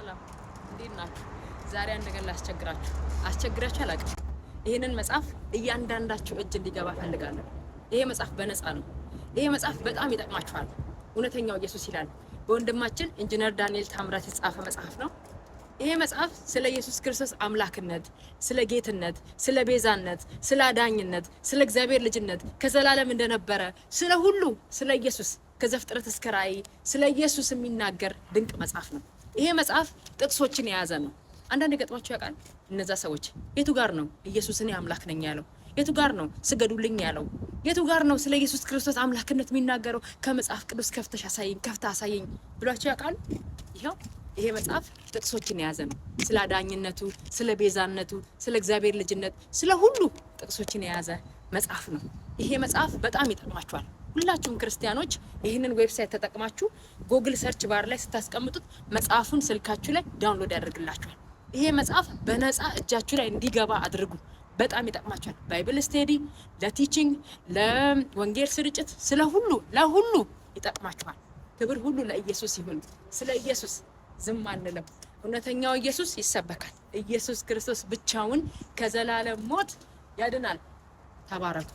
ሰላም እንዴት ናችሁ? ዛሬ አንድ ነገር ላስቸግራችሁ አስቸግራችሁ አላውቅም። ይህንን መጽሐፍ እያንዳንዳችሁ እጅ እንዲገባ ፈልጋለሁ። ይሄ መጽሐፍ በነፃ ነው። ይሄ መጽሐፍ በጣም ይጠቅማችኋል። እውነተኛው ኢየሱስ ይላል በወንድማችን ኢንጂነር ዳንኤል ታምራት የተጻፈ መጽሐፍ ነው። ይሄ መጽሐፍ ስለ ኢየሱስ ክርስቶስ አምላክነት፣ ስለ ጌትነት፣ ስለ ቤዛነት፣ ስለ አዳኝነት፣ ስለ እግዚአብሔር ልጅነት ከዘላለም እንደነበረ ስለ ሁሉ ስለ ኢየሱስ ከዘፍጥረት እስከ ራእይ ስለ ኢየሱስ የሚናገር ድንቅ መጽሐፍ ነው። ይሄ መጽሐፍ ጥቅሶችን የያዘ ነው። አንዳንድ ገጥማቸው ያውቃል። እነዛ ሰዎች የቱ ጋር ነው ኢየሱስ እኔ አምላክ ነኝ ያለው? የቱ ጋር ነው ስገዱልኝ ያለው? የቱ ጋር ነው ስለ ኢየሱስ ክርስቶስ አምላክነት የሚናገረው? ከመጽሐፍ ቅዱስ ከፍተሽ አሳየኝ፣ ከፍታ አሳየኝ ብሏቸው ያውቃል? ይኸው ይሄ መጽሐፍ ጥቅሶችን የያዘ ነው። ስለ አዳኝነቱ፣ ስለ ቤዛነቱ፣ ስለ እግዚአብሔር ልጅነት፣ ስለ ሁሉ ጥቅሶችን የያዘ መጽሐፍ ነው። ይሄ መጽሐፍ በጣም ይጠቅማቸዋል። ሁላችሁም ክርስቲያኖች ይህንን ዌብሳይት ተጠቅማችሁ ጎግል ሰርች ባር ላይ ስታስቀምጡት መጽሐፉን ስልካችሁ ላይ ዳውንሎድ ያደርግላችኋል። ይሄ መጽሐፍ በነፃ እጃችሁ ላይ እንዲገባ አድርጉ። በጣም ይጠቅማችኋል። ባይብል ስቴዲ፣ ለቲችንግ፣ ለወንጌል ስርጭት፣ ስለ ሁሉ ለሁሉ ይጠቅማችኋል። ክብር ሁሉ ለኢየሱስ ይሁን። ስለ ኢየሱስ ዝም አንለም። እውነተኛው ኢየሱስ ይሰበካል። ኢየሱስ ክርስቶስ ብቻውን ከዘላለም ሞት ያድናል። ተባረኩ።